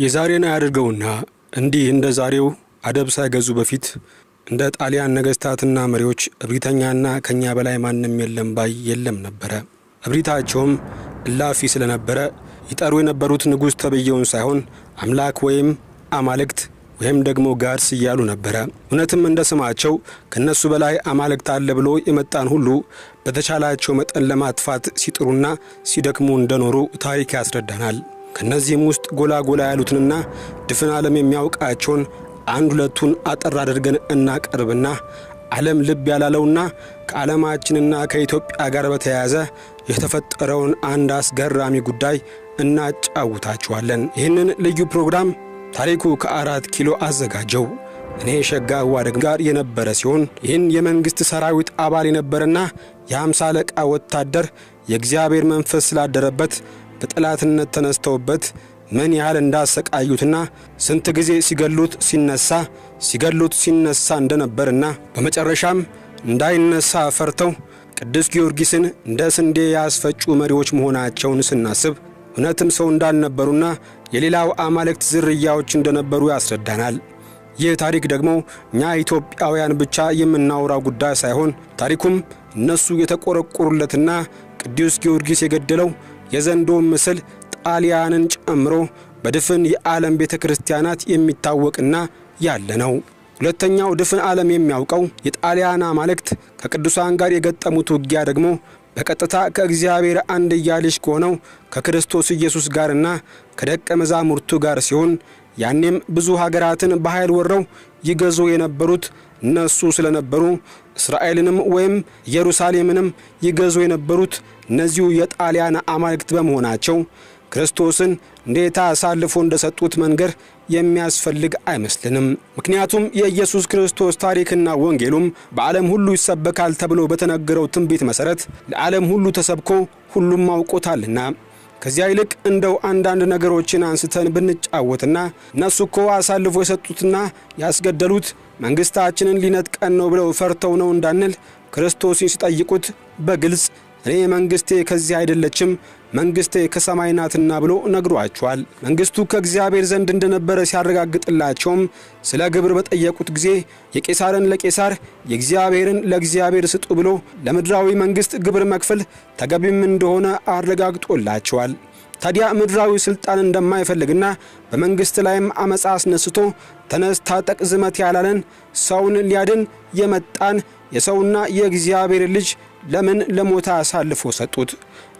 የዛሬን አያድርገውና እንዲህ እንደ ዛሬው አደብ ሳይገዙ በፊት እንደ ጣሊያን ነገሥታትና መሪዎች እብሪተኛና ከእኛ በላይ ማንም የለም ባይ የለም ነበረ። እብሪታቸውም እላፊ ስለነበረ ይጠሩ የነበሩት ንጉሥ ተብየውን ሳይሆን አምላክ ወይም አማልክት ወይም ደግሞ ጋድስ እያሉ ነበረ። እውነትም እንደ ስማቸው ከእነሱ በላይ አማልክት አለ ብሎ የመጣን ሁሉ በተቻላቸው መጠን ለማጥፋት ሲጥሩና ሲደክሙ እንደኖሩ ታሪክ ያስረዳናል። ከእነዚህም ውስጥ ጎላ ጎላ ያሉትንና ድፍን ዓለም የሚያውቃቸውን አንድ ሁለቱን አጠር አድርገን እናቀርብና ዓለም ልብ ያላለውና ከዓለማችንና ከኢትዮጵያ ጋር በተያያዘ የተፈጠረውን አንድ አስገራሚ ጉዳይ እናጫውታችኋለን። ይህንን ልዩ ፕሮግራም ታሪኩ ከአራት ኪሎ አዘጋጀው። እኔ ሸጋ ዋደግ ጋር የነበረ ሲሆን ይህን የመንግሥት ሰራዊት አባል የነበረና የአምሳ አለቃ ወታደር የእግዚአብሔር መንፈስ ስላደረበት በጠላትነት ተነስተውበት ምን ያህል እንዳሰቃዩትና ስንት ጊዜ ሲገሉት ሲነሳ ሲገሉት ሲነሳ እንደነበርና በመጨረሻም እንዳይነሳ ፈርተው ቅዱስ ጊዮርጊስን እንደ ስንዴ ያስፈጩ መሪዎች መሆናቸውን ስናስብ እውነትም ሰው እንዳልነበሩና የሌላው አማልክት ዝርያዎች እንደነበሩ ያስረዳናል። ይህ ታሪክ ደግሞ እኛ ኢትዮጵያውያን ብቻ የምናወራው ጉዳይ ሳይሆን ታሪኩም እነሱ የተቆረቆሩለትና ቅዱስ ጊዮርጊስ የገደለው የዘንዶ ምስል ጣሊያንን ጨምሮ በድፍን የዓለም ቤተ ክርስቲያናት የሚታወቅና ያለ ነው። ሁለተኛው ድፍን ዓለም የሚያውቀው የጣሊያን አማልክት ከቅዱሳን ጋር የገጠሙት ውጊያ ደግሞ በቀጥታ ከእግዚአብሔር አንድያ ልጅ ከሆነው ከክርስቶስ ኢየሱስ ጋርና ከደቀ መዛሙርቱ ጋር ሲሆን ያኔም ብዙ ሀገራትን በኃይል ወረው ይገዙ የነበሩት እነሱ ስለነበሩ እስራኤልንም ወይም ኢየሩሳሌምንም ይገዙ የነበሩት እነዚሁ የጣሊያን አማልክት በመሆናቸው ክርስቶስን እንዴት አሳልፎ እንደሰጡት መንገር የሚያስፈልግ አይመስልንም። ምክንያቱም የኢየሱስ ክርስቶስ ታሪክና ወንጌሉም በዓለም ሁሉ ይሰበካል ተብሎ በተነገረው ትንቢት መሠረት ለዓለም ሁሉ ተሰብኮ ሁሉም አውቆታልና። ከዚያ ይልቅ እንደው አንዳንድ ነገሮችን አንስተን ብንጫወትና እነሱ እኮ አሳልፎ የሰጡትና ያስገደሉት መንግሥታችንን ሊነጥቀን ነው ብለው ፈርተው ነው እንዳንል ክርስቶስን ሲጠይቁት በግልጽ እኔ መንግስቴ ከዚህ አይደለችም መንግስቴ ከሰማይ ናትና ብሎ ነግሯቸዋል። መንግስቱ ከእግዚአብሔር ዘንድ እንደነበረ ሲያረጋግጥላቸውም ስለ ግብር በጠየቁት ጊዜ የቄሳርን ለቄሳር የእግዚአብሔርን ለእግዚአብሔር ስጡ ብሎ ለምድራዊ መንግስት ግብር መክፈል ተገቢም እንደሆነ አረጋግጦላቸዋል። ታዲያ ምድራዊ ስልጣን እንደማይፈልግና በመንግስት ላይም አመፃ አስነስቶ ተነስ ታጠቅ ዝመት ያላለን ሰውን ሊያድን የመጣን የሰውና የእግዚአብሔር ልጅ ለምን ለሞታ አሳልፎ ሰጡት?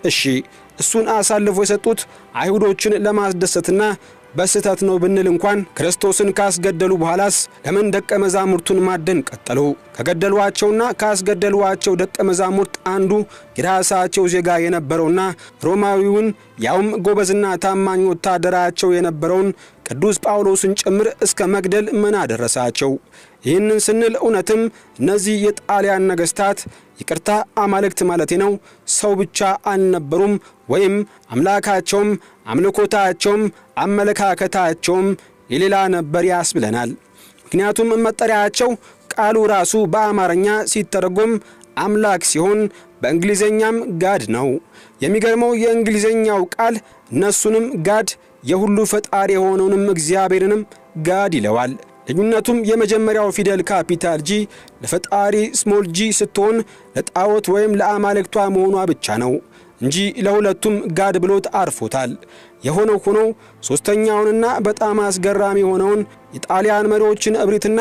እሺ እሱን አሳልፎ የሰጡት አይሁዶችን ለማስደሰትና በስህተት ነው ብንል እንኳን ክርስቶስን ካስገደሉ በኋላስ ለምን ደቀ መዛሙርቱን ማደን ቀጠሉ? ከገደሏቸውና ካስገደሏቸው ደቀ መዛሙርት አንዱ የራሳቸው ዜጋ የነበረውና ሮማዊውን ያውም ጎበዝና ታማኝ ወታደራቸው የነበረውን ቅዱስ ጳውሎስን ጭምር እስከ መግደል ምን አደረሳቸው? ይህንን ስንል እውነትም እነዚህ የጣሊያን ነገሥታት ይቅርታ አማልክት ማለቴ ነው ሰው ብቻ አልነበሩም ወይም አምላካቸውም አምልኮታቸውም አመለካከታቸውም የሌላ ነበር ያስብለናል። ምክንያቱም መጠሪያቸው ቃሉ ራሱ በአማርኛ ሲተረጎም አምላክ ሲሆን በእንግሊዘኛም ጋድ ነው። የሚገርመው የእንግሊዘኛው ቃል እነሱንም ጋድ የሁሉ ፈጣሪ የሆነውንም እግዚአብሔርንም ጋድ ይለዋል። ልዩነቱም የመጀመሪያው ፊደል ካፒታል ጂ ለፈጣሪ ስሞል ጂ ስትሆን ለጣዖት ወይም ለአማልክቷ መሆኗ ብቻ ነው። እንጂ ለሁለቱም ጋድ ብሎት አርፎታል። የሆነው ሆኖ ሦስተኛውንና በጣም አስገራሚ የሆነውን የጣሊያን መሪዎችን እብሪትና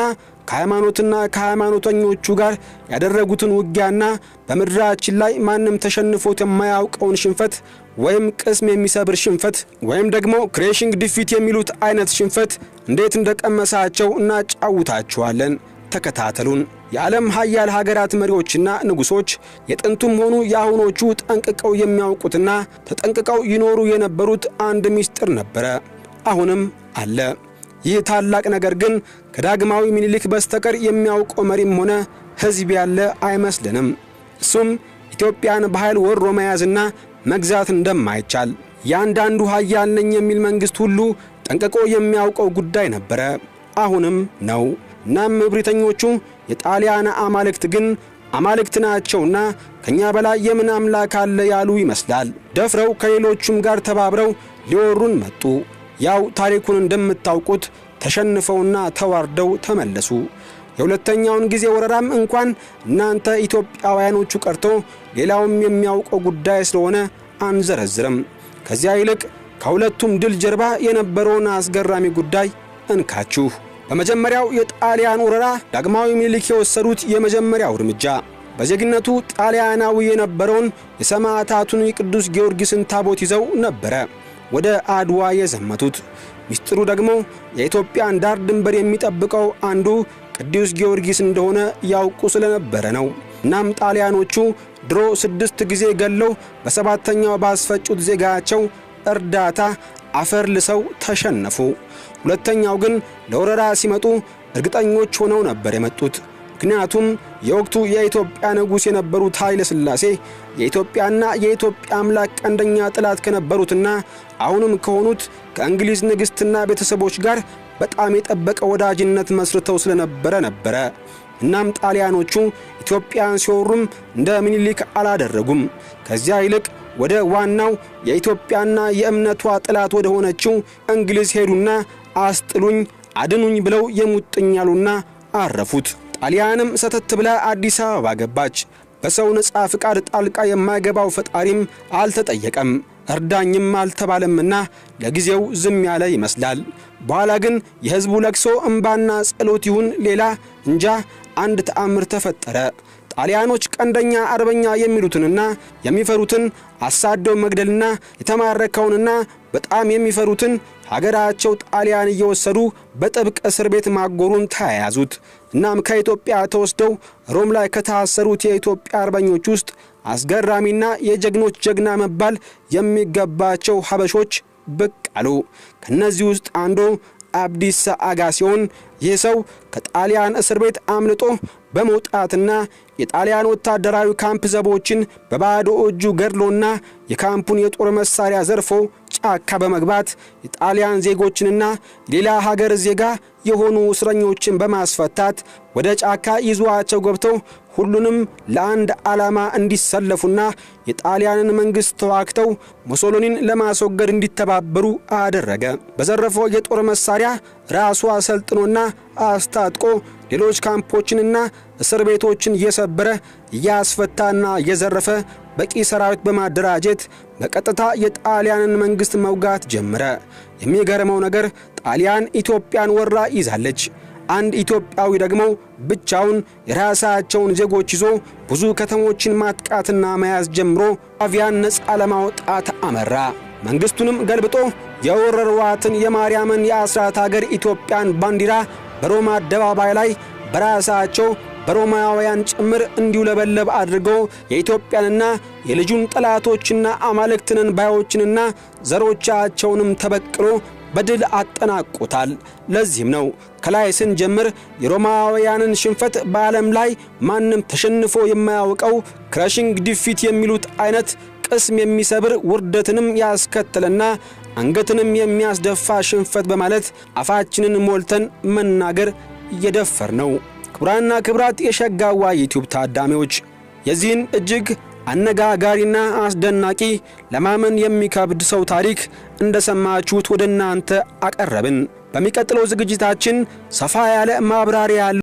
ከሃይማኖትና ከሃይማኖተኞቹ ጋር ያደረጉትን ውጊያና በምድራችን ላይ ማንም ተሸንፎት የማያውቀውን ሽንፈት ወይም ቅስም የሚሰብር ሽንፈት ወይም ደግሞ ክሬሽንግ ዲፊት የሚሉት አይነት ሽንፈት እንዴት እንደቀመሳቸው እናጫውታችኋለን። ተከታተሉን። የዓለም ሀያል ሀገራት መሪዎችና ንጉሶች የጥንቱም ሆኑ የአሁኖቹ ጠንቅቀው የሚያውቁትና ተጠንቅቀው ይኖሩ የነበሩት አንድ ምስጢር ነበረ፣ አሁንም አለ። ይህ ታላቅ ነገር ግን ከዳግማዊ ምኒልክ በስተቀር የሚያውቀው መሪም ሆነ ሕዝብ ያለ አይመስልንም። እሱም ኢትዮጵያን በኃይል ወሮ መያዝና መግዛት እንደማይቻል የአንዳንዱ ሀያል ነኝ የሚል መንግሥት ሁሉ ጠንቅቆ የሚያውቀው ጉዳይ ነበረ፣ አሁንም ነው። እናም እብሪተኞቹ የጣሊያን አማልክት ግን አማልክት ናቸውና ከእኛ በላይ የምን አምላክ አለ ያሉ ይመስላል። ደፍረው ከሌሎቹም ጋር ተባብረው ሊወሩን መጡ። ያው ታሪኩን እንደምታውቁት ተሸንፈውና ተዋርደው ተመለሱ። የሁለተኛውን ጊዜ ወረራም እንኳን እናንተ ኢትዮጵያውያኖቹ ቀርቶ ሌላውም የሚያውቀው ጉዳይ ስለሆነ አንዘረዝርም። ከዚያ ይልቅ ከሁለቱም ድል ጀርባ የነበረውን አስገራሚ ጉዳይ እንካችሁ። በመጀመሪያው የጣሊያን ወረራ ዳግማዊ ምኒልክ የወሰዱት የመጀመሪያው እርምጃ በዜግነቱ ጣሊያናዊ የነበረውን የሰማዕታቱን የቅዱስ ጊዮርጊስን ታቦት ይዘው ነበረ ወደ አድዋ የዘመቱት። ሚስጢሩ ደግሞ የኢትዮጵያን ዳር ድንበር የሚጠብቀው አንዱ ቅዱስ ጊዮርጊስ እንደሆነ ያውቁ ስለነበረ ነው። እናም ጣሊያኖቹ ድሮ ስድስት ጊዜ ገለው በሰባተኛው ባስፈጩት ዜጋቸው እርዳታ አፈር ልሰው ተሸነፉ። ሁለተኛው ግን ለወረራ ሲመጡ እርግጠኞች ሆነው ነበር የመጡት። ምክንያቱም የወቅቱ የኢትዮጵያ ንጉሥ የነበሩት ኃይለ ሥላሴ የኢትዮጵያና የኢትዮጵያ አምላክ ቀንደኛ ጠላት ከነበሩትና አሁንም ከሆኑት ከእንግሊዝ ንግሥትና ቤተሰቦች ጋር በጣም የጠበቀ ወዳጅነት መስርተው ስለነበረ ነበረ። እናም ጣሊያኖቹ ኢትዮጵያን ሲወሩም እንደ ምኒልክ አላደረጉም። ከዚያ ይልቅ ወደ ዋናው የኢትዮጵያና የእምነቷ ጠላት ወደ ሆነችው እንግሊዝ ሄዱና አስጥሉኝ፣ አድኑኝ ብለው የሙጥኛሉና ያሉና አረፉት። ጣሊያንም ሰተት ብላ አዲስ አበባ ገባች። በሰው ነፃ ፍቃድ ጣልቃ የማይገባው ፈጣሪም አልተጠየቀም እርዳኝም አልተባለምና ለጊዜው ዝም ያለ ይመስላል። በኋላ ግን የሕዝቡ ለቅሶ እምባና ጸሎት ይሁን ሌላ እንጃ አንድ ተአምር ተፈጠረ። ጣሊያኖች ቀንደኛ አርበኛ የሚሉትንና የሚፈሩትን አሳደው መግደልና የተማረከውንና በጣም የሚፈሩትን ሀገራቸው ጣሊያን እየወሰዱ በጥብቅ እስር ቤት ማጎሩን ተያያዙት። እናም ከኢትዮጵያ ተወስደው ሮም ላይ ከታሰሩት የኢትዮጵያ አርበኞች ውስጥ አስገራሚና የጀግኖች ጀግና መባል የሚገባቸው ሀበሾች ብቅ አሉ። ከእነዚህ ውስጥ አንዱ አብዲሳ አጋ ሲሆን ይህ ሰው ከጣሊያን እስር ቤት አምልጦ በመውጣትና የጣሊያን ወታደራዊ ካምፕ ዘቦችን በባዶ እጁ ገድሎና የካምፑን የጦር መሳሪያ ዘርፎ ጫካ በመግባት የጣሊያን ዜጎችንና ሌላ ሀገር ዜጋ የሆኑ እስረኞችን በማስፈታት ወደ ጫካ ይዟቸው ገብተው ሁሉንም ለአንድ ዓላማ እንዲሰለፉና የጣሊያንን መንግሥት ተዋግተው ሙሶሎኒን ለማስወገድ እንዲተባበሩ አደረገ። በዘረፈው የጦር መሳሪያ ራሱ አሰልጥኖና አስታጥቆ ሌሎች ካምፖችንና እስር ቤቶችን እየሰበረ እያስፈታና እየዘረፈ በቂ ሰራዊት በማደራጀት በቀጥታ የጣሊያንን መንግሥት መውጋት ጀመረ። የሚገርመው ነገር ጣሊያን ኢትዮጵያን ወራ ይዛለች። አንድ ኢትዮጵያዊ ደግሞ ብቻውን የራሳቸውን ዜጎች ይዞ ብዙ ከተሞችን ማጥቃትና መያዝ ጀምሮ አቪያን ነፃ ለማውጣት አመራ። መንግሥቱንም ገልብጦ የወረሯትን የማርያምን የአስራት አገር ኢትዮጵያን ባንዲራ በሮማ አደባባይ ላይ በራሳቸው በሮማውያን ጭምር እንዲውለበለብ አድርገው የኢትዮጵያንና የልጁን ጠላቶችና አማልክትንን ባዮችንና ዘሮቻቸውንም ተበቅሎ በድል አጠናቁታል ለዚህም ነው ከላይ ስንጀምር የሮማውያንን ሽንፈት በዓለም ላይ ማንም ተሸንፎ የማያውቀው ክራሽንግ ዲፊት የሚሉት አይነት ቅስም የሚሰብር ውርደትንም ያስከትልና። አንገትንም የሚያስደፋ ሽንፈት በማለት አፋችንን ሞልተን መናገር እየደፈር ነው። ክቡራንና ክቡራት የሸጋዋ ዩቲዩብ ታዳሚዎች የዚህን እጅግ አነጋጋሪና አስደናቂ ለማመን የሚከብድ ሰው ታሪክ እንደሰማችሁት ወደ እናንተ አቀረብን። በሚቀጥለው ዝግጅታችን ሰፋ ያለ ማብራሪያ ያለው